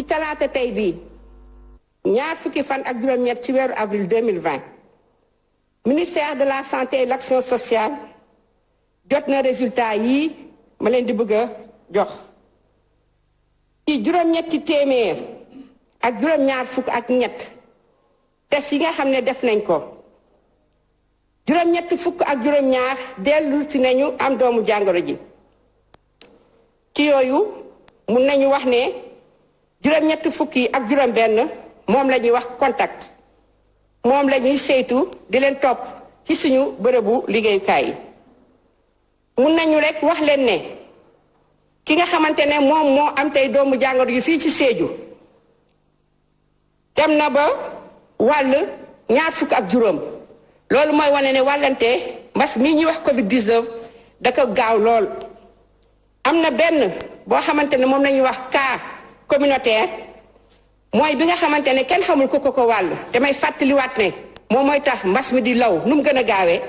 ci talaata tey bii ñaar fukki fan ak juróom-ñett ci weeru avril 2020 ministère de la santé et l' sociale jot na résultat yii ma leen di bëgg a jox ci juróom-ñetti téeméer ak juróom-ñaar fukk ak ñett test yi nga xam ne def nañ ko juróom-ñetti fukk ak juróom-ñaar dellu si nañu am doomu jàngoro ji ci yooyu mun nañu wax ne juróom-ñetti fukki ak juróom-benn moom la ñuy wax contact moom la ñuy saytu di leen topp ci suñu bërëbu liggéeyukaay yi mun nañu rekk wax leen ne ki nga xamante ne moom moo am tey doomu jàngoro yu fii ci Sédhiou dem na ba wàll ñaar fukk ak juróom loolu mooy wane ne wàllante mbas mii ñuy wax Covid 19 da ko gaaw lool am na benn boo xamante ne moom la wax cas. communautaire mooy bi nga xamante ne kenn xamul ku ko ko wàllu damay fàttaliwaat ne moom mooy tax mbas mi di law nu mu gën a gaawee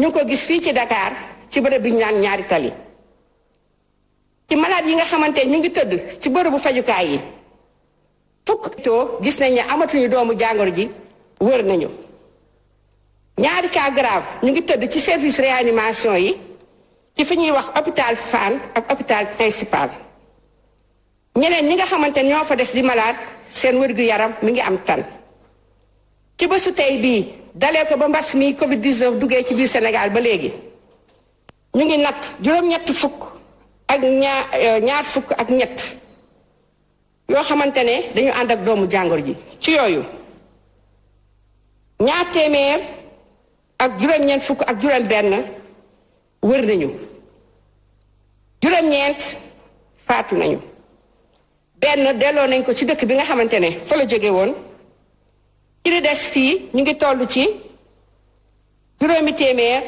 ñu ngi ko gis fii ci dakaar ci bërëb bi ñu naan ñaari tali ci malade yi nga xamante ñu ngi tëdd ci bërëbu fajukaay yi fukk gis nañ ne amatuñu doomu jàngoro ji wër nañu ñaari cas grave ñu ngi tëdd ci service réanimation yi ci fi ñuy wax hôpital Fann ak hôpital principal ñeneen ñi nga xamante ñoo fa des di malaat seen wér-gu-yaram mi ngi am tan ci bésu tey bii dalee ko ba mbas mi Covid 19 duggee ci biir Sénégal ba léegi ñu ngi natt juróom-ñett fukk ak euh, ñaar fukk ak ñett yoo xamante ne dañu ànd ak doomu jàngoro ji ci yooyu ñaar téeméer ak juróom-ñeent fukk ak juróom-benn wër nañu juróom-ñeent faatu nañu. benn delloo nañ ko ci dëkk bi nga xamante ne fa la jóge woon ci li des fii ñu ngi toll ci juróomi téeméer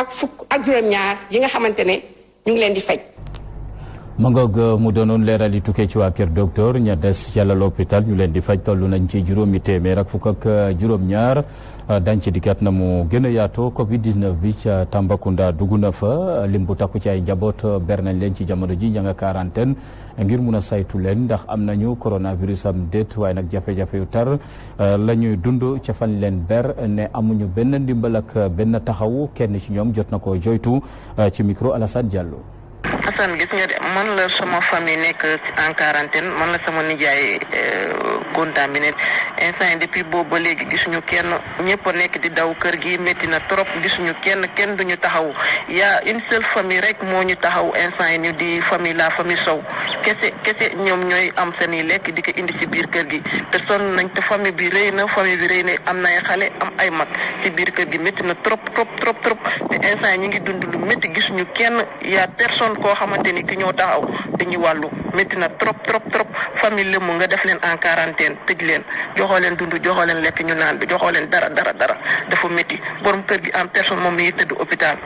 ak fukk ak juróom-ñaar yi nga xamante ne ñu ngi leen di faj ma nga euh, mu doonoon leeral yi tukkee ci waa Kër Docteur ña des ca lal hôpital ñu leen di faj toll nañ ci juróomi téeméer ak fukkak ak euh, juróom-ñaar euh, dañ ci na mu gën a yaatoo Covid 19 bi ca Tambacounda dugg na fa lim bu takku ci ay njaboot ber nañ leen ci jamono ji ña nga quarantaine ngir mun a saytu leen ndax am nañu coronavirus am déet waaye nag jafe-jafe yu tar la ñuy dund ca leen ber ne amuñu benn ndimbalak ak benn taxawu kenn ci ñoom jot na ko joytu ci micro Alassane Diallo. Assane gis nga de man la sama famille nekk en quarantaine man la sama nijaay euh, contaminé instant yi depuis boobu ba léegi gisuñu kenn ñëpp a nekk di daw kër gi métti na trop gisuñu kenn kenn duñu taxaw yaa une seule rek moo ñu taxaw instant yi ñu di famille la famille Sow kese kese ñoom ñooy am seen i lekk di indi ci biir kër gi te sonn nañ te famille bi na famille bi rëy na am na ay xale ay mag ci biir kër gi métti na trop trop trop trop ñu ngi dund lu métti gisuñu kenn yaa personne koo xamante ni ki ñoo taxaw famille lëmm nga def leen en quarantaine leen tëj leen joxoo leen dund joxoo leen lekk ñu naan bi joxoo leen dara dara dara dafa métti borom kër gi en personne moom mi ngi tëdd hôpital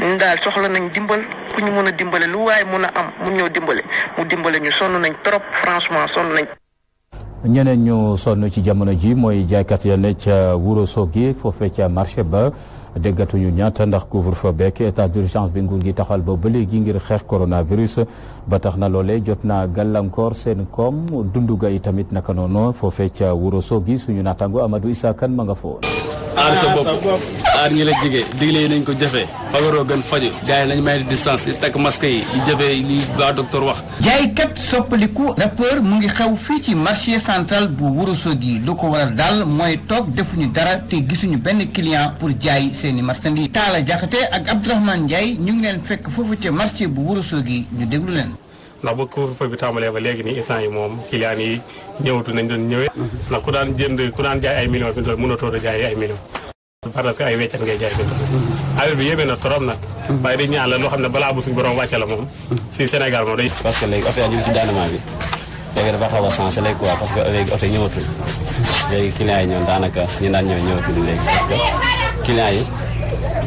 ñun daal soxla nañ dimbal ku ñu mën a dimbale lu waaye mën a am mu ñëw dimbale mu dimbale ñu sonn nañ trop franchement sonn nañ. ñeneen ñu sonn ci jamono ji mooy jaaykat ya ne ca Wuro Sogi foofee ca marché ba. déggatuñu ñaata ndax couvre-feu beek état d'urgence bi nguur gi taxal ba ba léegi ngir xeex coronavirus ba tax na loolee jot naa gàllankoor seen koom dundu ga yi tamit naka noonu foofee ca Wuro Sogi suñu naataango Amadou Issa Kane ma nga foon. aar sa bopp aar ñi la jege digle yi nañ ko jëfee fagaroo gën faju gars yi nañ may distance di takk masque yi di jëfee li waa docteur wax. jaaykat soppaliku rappeur mu ngi xew fii ci marché central bu Wuro Sogi lu ko waral daal seeni a Talla Diakhaté ak Abdourahmane Ndiaye ñu ngi leen fekk foofu ca marché bu wurusoo gi ñu déglu leen ndax ba couvre-feu bi tàmbalee ba léegi nii instant yi moom client yi ñëwatu nañ doon ñëwee ndax ku daan jënd ku daan jaay ay millions a bi yéeme na trop nag waaye di ñaan la loo xam ne balaa bu suñu borom wàcce la moom si Sénégal moom day parce que léegi oto léegi dafa a sensé client yi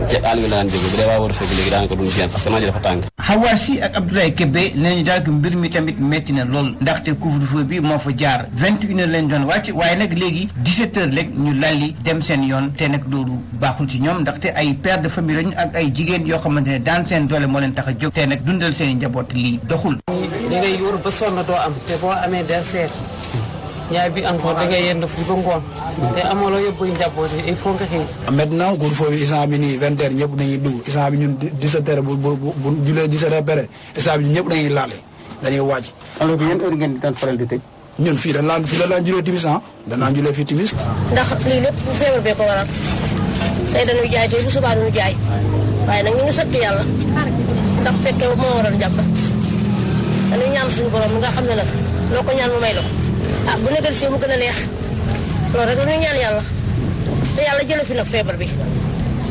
ci àll bi la daan jógee bu dee waa wër fekk léegi daanaka duñu génn parce que naaj dafa tàng. Hawa ak Abdoulaye Kébé nee nañu daal mbir mi tamit métti na lool ndaxte couvre-feu bi moo fa jaar vingt et une heures lañ doon wàcc waaye nag léegi dix-sept heures rek ñu lalli dem seen yoon te nag loolu baaxul ci ñoom ndaxte ay père de famille lañu ak ay jigéen yoo xamante ne daan seen doole moo leen tax a jóg te nag dundal seen i njaboot lii doxul. li ngay yor ba yaay bi encore dangay yendu fi ba ngoon te amoo loo yóbbu njaboot yi il faut nga xëy ah, maintenant góor foofu instant bi nii vingt heures ñëpp dañuy dugg instant bi ñun dix-sept heures bu bu laale dañuy waaj alors que yan heure ngeen di daan fii dañ laan fii dañ laan julee timis ah dañ laan julee fii timis ndax lii lépp bu feebar bee ko waral tey dañuy jaay tey bu subaa dañuy jaay waaye nag ñu ngi sant yàlla ndax fekkee moo waral jàpp dañuy ñaan suñu borom nga xam ne nag loo ko ñaan mu may la ah bu ne dellusee mu gën a neex loolu rek la ñaan yàlla te yàlla jëlee fi nag feebar bi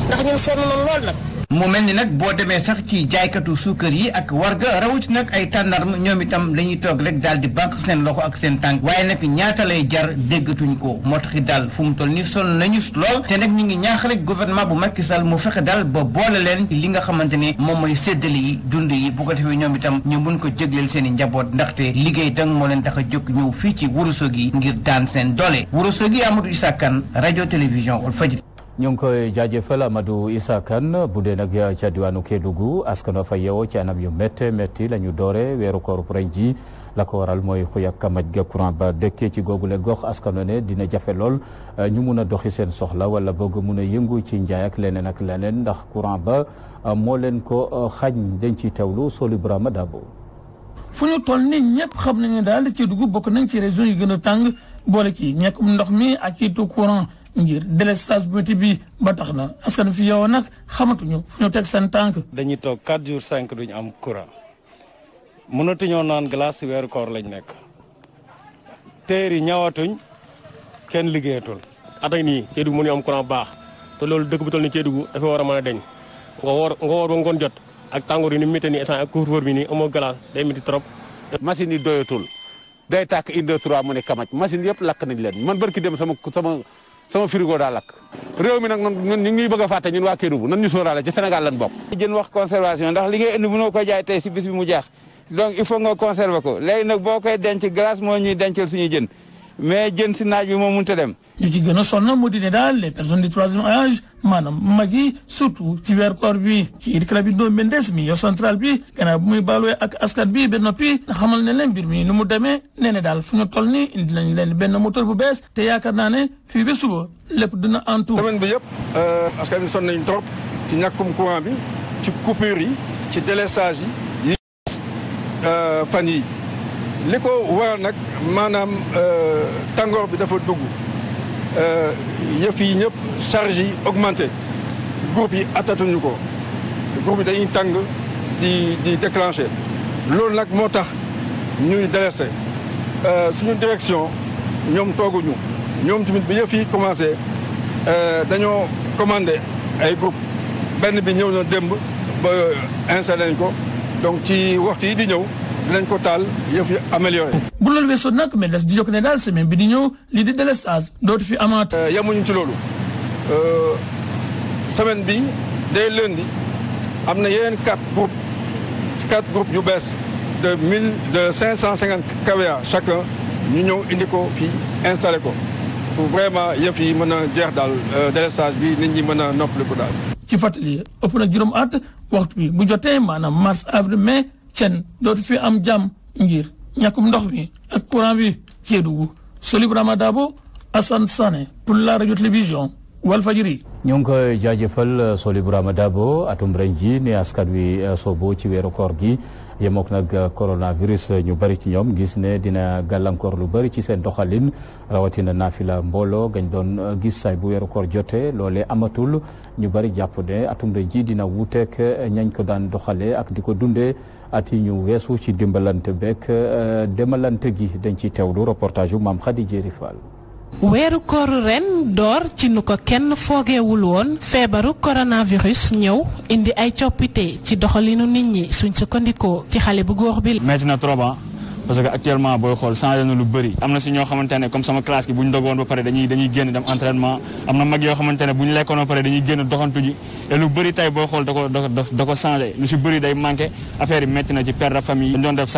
ndax ñun sonn nañ lool nag. mu mel ni nag boo demee sax ci jaaykatu suukar yi ak warga rawut nag ay tàndarm ñoom itam la toog rek daal di bànq seen loxo ak seen tànk waaye nag ñaata lay jar déggatuñ ko moo taxi daal fu mu toll ni sol nañu lool te nag ñu ngi ñaax rek gouvernement bu Macky Sall mu fexe dal ba boole leen li nga xamante ne moom mooy séddale yi dund yi bu ko defee ñoom itam ñu mën ko jégleel seen i njaboot ndaxte liggéey dang moo leen tax a jóg ñëw fii ci Ourossogui ngir daan seen doole Ourossogui Amadou Issa Kane rajo télévision Walfadjri ñu ngi koy jaajëfal Amadou Issa Kane bu dee nag ca diwaanu Kédougou askan wa fa yeewoo ci anam yu méttee métti la ñu doore weeru koor ren ji la ko waral mooy xuy ak kamaj ga courant ba dëkkee ci googule gox askan wa ne dina jafe lool ñu eh, mun a doxi seen soxla wala bëgg mun a yëngu ci njaay ak leneen ak leneen ndax courant ba eh, moo leen ko eh, xañ dañ ciy teewlu Soli Brahma Dabo. fu ñu toll nii ñëpp xam nañu daal Kédougou bokk nañ ci région yi gën a tàng boole ci ñekkum ndox mi ak ci courant. ngir délestage buuti bi ba tax na askan fi yow nag xamatuñu fu ñu teg seen tànk. dañuy toog 4 jours 5 duñu am courant mënatuñoo naan glace si weeru koor lañ nekk teer yi ñawatuñ kenn liggéeyatul. at ak nii Kédougou mënuñu am courant baax te loolu dëkk bu toll nii Kédougou dafa war a mën deñ nga woor nga woor ba ngoon jot ak tàngoor yi ni mu méttee nii instant ak couvre-feu bi nii amoo glace day métti trop. machine yi doyatul day tàkk une deux trois mu ne kamaj machine yëpp lakk nañ leen man barki dem sama sama. sama frigo daa lakk réew mi nag ñun ñu ngi bëgg a fàtte ñun waa Kédougou nan ñu sóoraale ci Sénégal lan bokk. jën wax conservation ndax li ngay indi mënoo ko jaay tey si bis bi mu jeex donc il faut nga conservé ko léegi nag boo koy denc glace moo ñuy dencal suñuy jën mais jën si naaj bi moom mënut a dem. li ci gën a sonn mu di ne daal les personnes du troisième âge maanaam mag yi surtout ci weer koor bi ci dikala bi doom Mendes mi yor central bi gannaaw bu muy baaluwee ak askan bi ba noppi nga xamal ne leen mbir mi nu mu demee nee na daal fu ñu toll nii indi nañ leen benn moteur bu bees te yaakaar naa ne fii ba suba lépp dina en tout. semaine bi yëpp euh, askan bi sonn nañ trop ci ñàkkum courant bi ci coupure yi ci délestage yi euh, fan yi li ko waral nag maanaam euh, tàngoor bi dafa dugg euh, yëf yi ñëpp charge yi augmenté groupe yi atatuñu ko groupe yi dañuy tàng di di déclenché loolu nag moo tax ñuy délesté euh, suñu direction ñoom tooguñu ñoom tamit bi yëf yi commencé dañoo commandé ay groupe benn bi ñëw na démb ba installé nañ ko donc ci waxtu yi di ñëw dinañ ko taal yëf yi amélioré. bu loolu weesoo nag mais des di jokk ne daal semaine bi di ñëw lii di délestage dootu fi amaat. Euh, yemuñu ci loolu euh, semaine bi dès lundi am na yeneen quatre groupes quatre groupes bees de mille de cinq cent cinquante kVA chacun ñu ñëw indi ko fii installé ko pour vraiment yëf yi mën a jeex daal euh, délestage bi nit ñi mën a ko daal. ci fàttali ëpp na juróom at waxtu bi bu jotee maanaam mars avril mai. cen dootu fi am jàmm ngir ñàkkum ndox mi ak courant bi Kédougou Solib Ramadabo Assane Sané pour la radio télévision Walfadjri ñu ngi koy jaajëfal Solib Ramadabo atum ren ji ne askan wi eh, soobu ci weeru koor gi yemook nag euh, coronavirus euh, ñu bari ci ñoom gis ne dina gàllankoor lu bëri ci seen doxalin rawatina naafila mbooloo gañ doon euh, gis say bu weeru koor jotee loolee amatul ñu bari jàpp ne atum rëy dina wuuteeg ñañ ko daan doxalee ak di ko dundee at yi ñu weesu ci dimbalante beeg demalante gi dañ ci teewlu reportage yu maam Khady Diéry Fall weeru kooru door ci nu ko kenn foogewul woon feebaru coronavirus ñëw indi ay coppite ci doxalinu nit ñi suñ sukkandikoo ci xale bu góor bi. metti na trop ah. parce que actuellement booy xool changé na lu bëri am na si ñoo xamante ne comme sama classe gi bu ñu dogoon ba pare dañuy dañuy génn dem entraînement am na mag yoo xamante ne bu ñu lekkoon ba pare dañuy génn doxantu lu bëri tey booy xool da ko da ko changé lu si bëri day manqué affaire yi métti na ci père de famille dañ doon def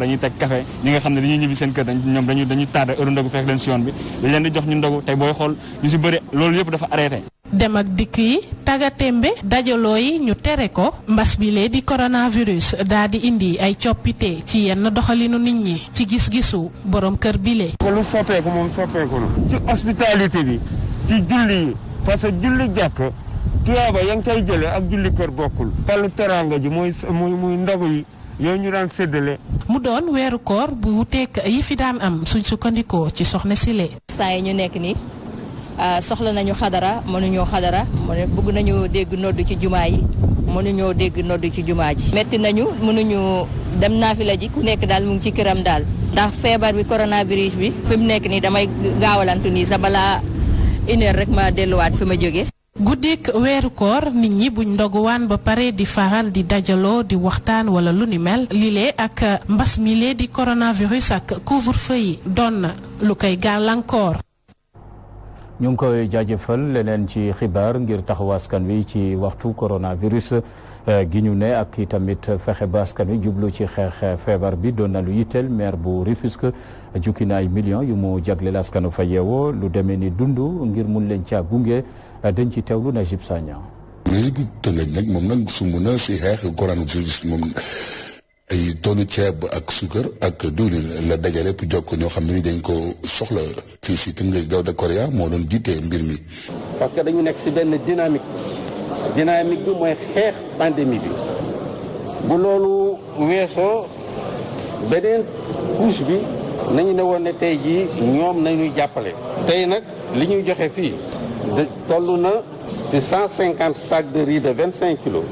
dañuy teg café ñi nga xam ne dañuy ñibbi seen kër dañ ñoom dañuy dañuy tardé heure ndogu fekk leen si yoon bi dañ leen di jox ñu ndogu tey booy xool lu si bëri loolu yëpp dafa arrêté dem ak dikk yi tagatémbe dajaloo yi ñu tere ko mbas bi lee di coronavirus daa di indi ay coppité ci yenn doxalinu nit ñi ci gis-gisu borom kër bi lee. lu soppeeku moom soppeeku na. ci hospitalité bi ci julli yi parce que julli jàkk tuyaaba ya nga cay jëlee ak julli kër bokkul. wàllu teraanga ji mooy muy muy ndogu yi yooyu ñu daan seddale mu doon weeru koor bu wuteek yi fi daan am suñ sukkandikoo ci soxna Sile. saa yi ñu nekk nii. Euh, soxla nañu xadara mënuñoo xadara bëgg nañu dégg nodd ci jumaa yi mënuñoo dégg nodd ci jumaa ji metti nañu mënuñu dem naa fi ji ku nekk daal mu ngi ci këram daal ndax feebar bi coronavirus bi fi mu nekk nii damay gaawalantu nii sa balaa une heure rek ma delluwaat fi ma jóge guddik weeru koor nit ñi buñ ndoguwaan ba pare di faral di dajaloo di waxtaan wala lu ni mel lile ak mbas mi di coronavirus ak couvre-feu yi doon na lu koy gàllankoor ñu ngi koy jaajëfal leneen ci xibaar ngir taxawu askan wi ci waxtu coronavirus eh, gi ñu ne ak i tamit fexe ba askan wi jublu ci xeex feebar bi doon na lu yitteel maire bu Rufisque jukki na ay millions yu mu jagleel askanu fa yeewoo lu demee ni dund ngir mun leen caa gunge eh, dañ ci teewlu na Najib Sagna. léegi tënkee si xeex coronavirus ay toonu ceeb ak suukar ak diwlin la dajale pour jokk ñoo xam ne ni dañ ko soxla fii si Tëngéej Gawda Korea moo doon jiitee mbir mi. parce que dañu nekk si benn dynamique dynamique bi mooy xeex pandémie bi bu loolu weesoo beneen couche bi nañu ne woon ne tey jii ñoom nañuy jàppale. tey nag li ñuy joxe fii. toll na cent cinquante sacs de riz de 25 kilos.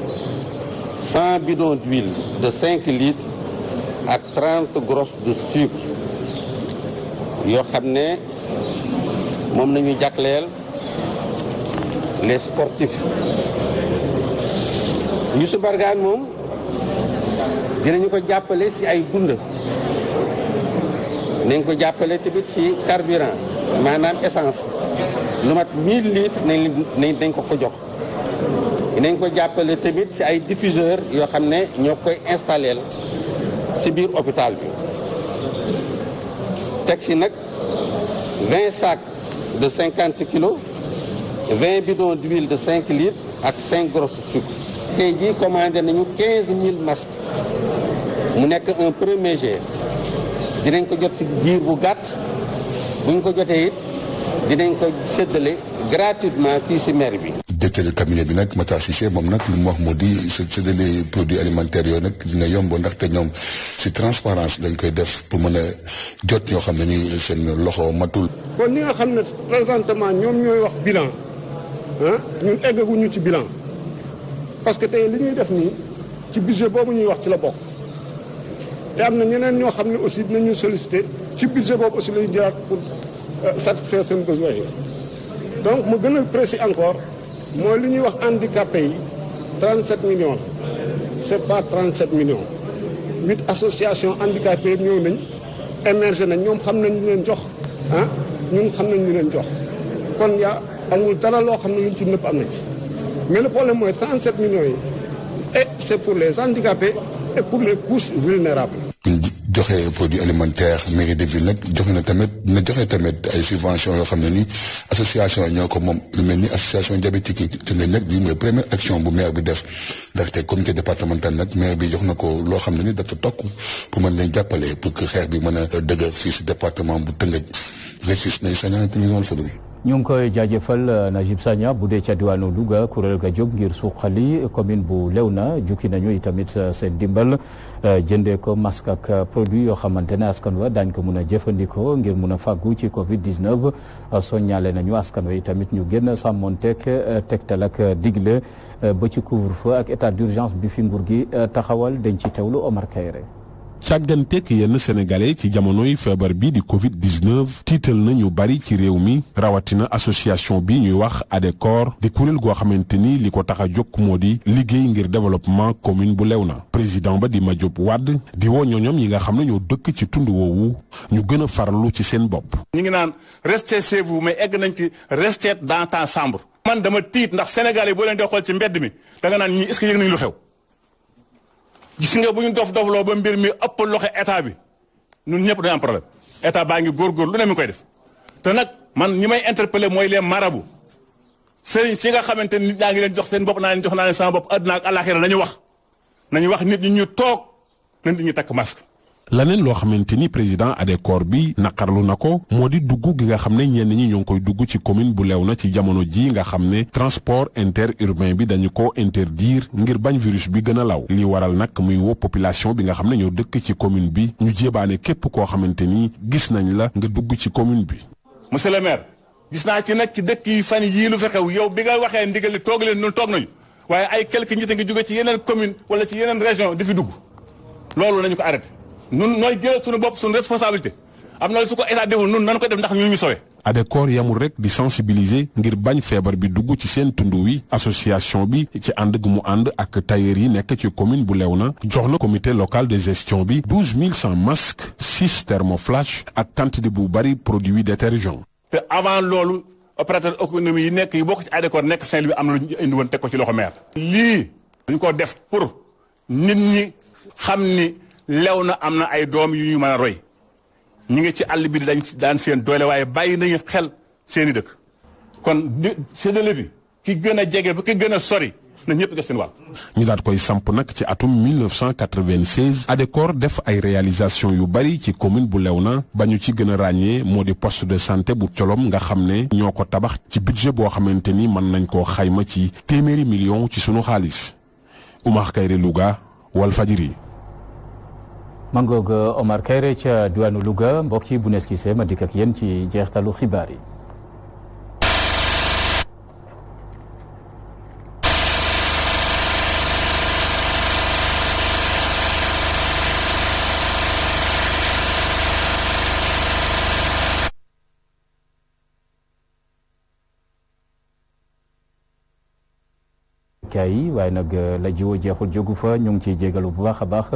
100 bidons d'huile de 5 litres ak trent grosses de sucre yoo xam ne moom la ñu jagleel les sportifs Youssou moom dinañu ko jàppale ci ay dund nañ ko jàppale tamit ci carburant maanaam essence lu mat 1000 litres nañ nañ ko ko jox dinañ ko jàppale tamit si ay diffuseur yoo xam ne ñoo koy installeel si biir hôpital bi teg si nag vingt sacs de cinquante kilos vingt bidons d'huile de cinq litres ak cinq grosses sucre tey jii commandé nañu quinze mille mu nekk un premier jet dinañ ko jot si diir bu gàtt buñ ko jotee it dinañ ko séddale gratuitement fii si maire bi directeur cabinet bi nag Matar Cissé moom nag lu mu wax moo di séddale produits alimentaires yooyu nag dina yomb ndaxte ñoom si transparence lañ koy def pour mën jot ñoo xam ne ni seen loxo tul kon ni nga xam ne présentement ñoom ñooy wax bilan ah ñun eggaguñu ci bilan parce que te li ñuy def nii ci budget boobu ñuy wax ci la bokk te am na ñeneen ñoo xam ne aussi dinañu sollicité ci budget boobu aussi la ñuy jëlaat pour euh, satisfaire seen besoin a précis encore. mooy lu ñuy wax handicapé yi 37 millions la c' par trent 37 millions huit association handicapé yi ñëw nañ émergé nañ ñoom xam nañ leen jox ah ñun xam nañ ñu leen jox kon yaa amul dara loo xam ne luñ ci nëpp am nañ ci mais le problème mooy 37 millions yi et c' pour les handicapés et pour les couches vulnérables joxe produit alimentaire mairie de ville nag joxe na tamit na joxe tamit ay subvention yoo xam ne nii association ñoo ko moom lu mel ni association diabétique yi te ne nag lii mooy première action bu maire bi def ndaxte comité départemental nag maire bi jox na ko loo xam ne ni dafa tokk pour mën leen jàppale pour que xeex bi mën a dëgër fii si département bu Tëngéej réussir nañu sañaan télévision Walfadjri ñu ngi koy jaajëfal euh, Najib Sagna bu dee ca diwaanu Louga kuréel ga jóg ngir suqali commune bu Léona jukki nañu itamit euh, seen dimbal euh, jëndee ko masque produit yoo xamante ne askan wa daañ ko mun a jëfandikoo ngir mun a fàggu ci Covid 19 soññaale nañu askan wa itamit ñu génn sàmmonteeg tegtal ak digle ba ci couvre-feu ak état d'urgence bi fi nguur gi taxawal dañ ci teewlu Omar Kayre càgganteeg yenn sénégalais ci jamonoy feebar bi di Covid 19 tiital na ñu bari ci réew mi rawatina association bi ñuy wax ADECOR di kuréel goo xamante ni li ko tax a jóg moo di liggéey ngir développement commune bu lew na président ba di ma Madiop Wade di woo ñooñoom yi nga xam ne ñoo dëkk ci tund woowu ñu gën a farlu ci seen bopp. ñu ngi naan reste chez vous mais egg nañ ci restez dans ta chambre. man dama tiit ndax sénégalais boo leen di xool ci mbedd mi danga naan ñii est-ce que xew. gis nga bu ñu dof loo ba mbir mi ëpp loxo état bi ñun ñëpp dañu am problème état baa ngi góor lu ne mi koy def te nag man ñi may interpellé mooy les marabu sëriñ si nga xamante ni nit ñaa ngi leen jox seen bopp naa leen jox naa leen sama bopp àdduna ak àllaaxira nañu wax nañu wax nit ñi ñu toog na nit ñi takk masque. laneen loo xamante ni président Adecor bi naqarlu na ko moo di dugg gi nga xam ne ñenn ñi ñoo ngi koy dugg ci commune bu na ci jamono ji nga xam ne transport interurbain bi dañu ko interdire ngir bañ virus bi gën a law li waral nag muy woo population bi nga xam ne ñoo dëkk ci commune bi ñu jébaane képp koo xamante ni gis nañ la nga dugg ci commune bi. monsieur le maire gis naa ci nag ci dëkk yi fan yii lu fi xew yow bi nga waxee ndigal li toog leen ñun toog nañu waaye ay quelques nit a ci yeneen commune wala ci yeneen région di fi loolu nañu ko arrêté. nun nooy jël suñu bopp suñu responsabilité am na su ko état déwul nun nan ko def ndax ñu ñu sowe ADECOR ah, yamul rek di sensibilisé ngir bañ feebar bi dugg ci seen tund wi association bi ci ànd gu mu ànd ak tailleur yi nekk ci commune bu na jox na comité local de gestion bi douze mille cent masques six thermoflash ak quantité bu bari produit détergent. te avant loolu opérateur économie yi nekk yi bokk ci ADECOR nekk seen louis am na lu ñu indi woon teg ko ci loxo def pour nit ñi xam ni. lew na am na ay doom yu ñu mën a roy ñu ngi ci àll bi dañ daan seen doole waaye bàyyi nañu xel seeni dëkk kon séddale bi ki gën a jege ba ki gën a sori na ñëpp des seen wàll ñu daat koy samp nag ci atum 1996 ADECOR def ay réalisation yu bari ci commune bu lew na ba ñu ci gën a ràññee moo di post de santé bu colom nga xam ne ñoo ko tabax ci budget boo xamante ni mën nañ koo xayma ci téeméeri million ci sunu xaalis Oumar Kayre Louga Walfadjri mangoog uh, Omar Kayre ca diwaanu Louga mbokk yi bu ma dikk ak ci jeextalu xibaar yi. kaay waaye nag uh, la jiwo jeexul jógu fa ñu ngi ciy jégalu bu baax a baax.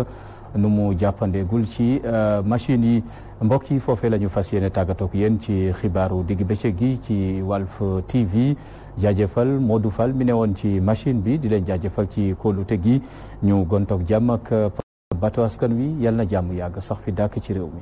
nu mu jàppandeegul ci euh, machines yi mbokk yi foofee la ñu fas yéene tàggatoog yéen ci xibaaru digg bëccëg gi ci Walf TV jaajëfal Modou Fall mi ne woon ci machine bi di leen jaajëfal ci kóolute gi ñu gontoog jàmm ak bato askan wi yàlla na jàmm yàgg sax fi dàkk ci réew mi.